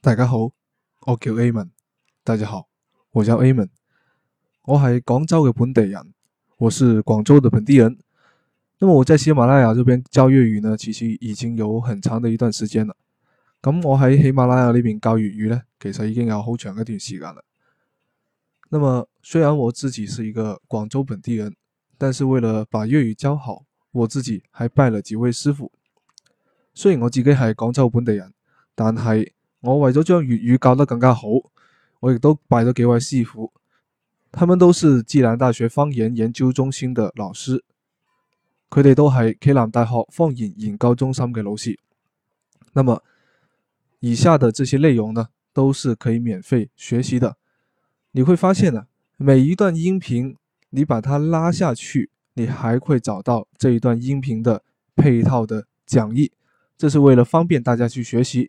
大家好，我叫 Amen。大家好，我叫 Amen。我係廣州嘅本地人，我是廣州嘅本地人。那麼我在喜馬拉雅這邊教粵語呢，其實已經有很長的一段時間了。咁我喺喜馬拉雅呢邊教粵語呢，其實已經有好長一段時間了。那麼雖然我自己是一個廣州本地人，但是為了把粵語教好，我自己還拜了幾位師傅。雖然我自己係廣州本地人，但係。我為咗將粵語搞得更加好，我亦都擺咗幾位師傅，他們都是暨南大學方言研究中心的老師，佢哋都係暨南大學方言研究中心嘅老師。那麼以下的這些內容呢，都是可以免費學習的。你會發現呢、啊，每一段音頻，你把它拉下去，你還會找到這一段音頻的配套的講義，這是為了方便大家去學習。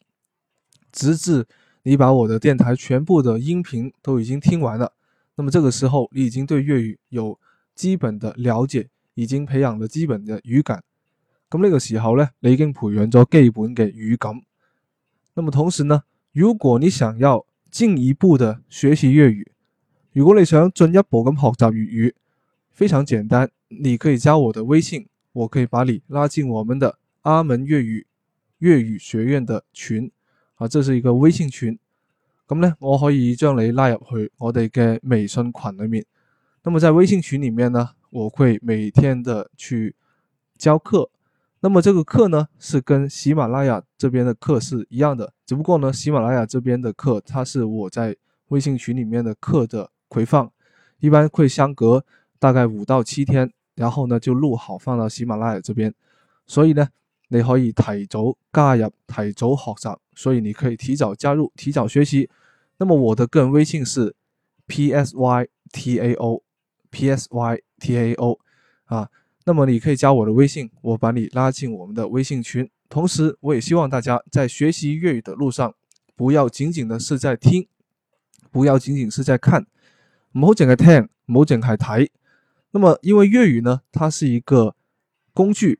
直至你把我的電台全部的音頻都已經聽完了，那麼這個時候你已經對粵語有基本的了解，已經培養了基本的語感。咁呢個時候呢，你已經培養咗基本嘅語感。那麼同時呢，如果你想要進一步的學習粵語，如果你想進一步咁學習粵語，非常簡單，你可以加我的微信，我可以把你拉進我們的阿門粵語粵語學院的群。啊，這是一個微信群，咁呢，我可以將你拉入去我哋嘅微信群裏面。那麼在微信群裏面呢，我會每天的去教課。那麼這個課呢，是跟喜馬拉雅這邊的課是一樣的，只不過呢，喜馬拉雅這邊的課，它是我在微信群裏面的課的回放，一般會相隔大概五到七天，然後呢就錄好放到喜馬拉雅這邊，所以呢。你可以提早加入、提早學習，所以你可以提早加入、提早學習。那麼我的個人微信是 p s y t a o，p s y t a o，啊，那麼你可以加我的微信，我把你拉進我們的微信群。同時，我也希望大家在學習粵語的路上，不要僅僅的是在聽，不要僅僅是在看，冇淨係聽，冇淨係睇。那麼因為粵語呢，它是一個工具。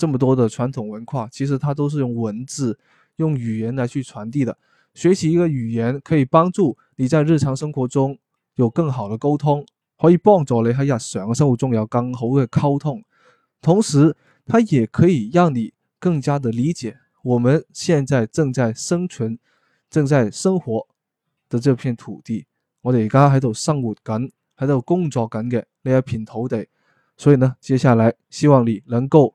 這麼多的傳統文化，其實它都是用文字、用語言來去傳遞的。學習一個語言可以幫助你在日常生活中有更好的溝通，可以幫助你喺日常生活中有更好嘅溝通。同時，它也可以讓你更加的理解我們現在正在生存、正在生活的這片土地。我哋而家喺度生活緊、喺度工作緊嘅呢一片土地。所以呢，接下來希望你能夠。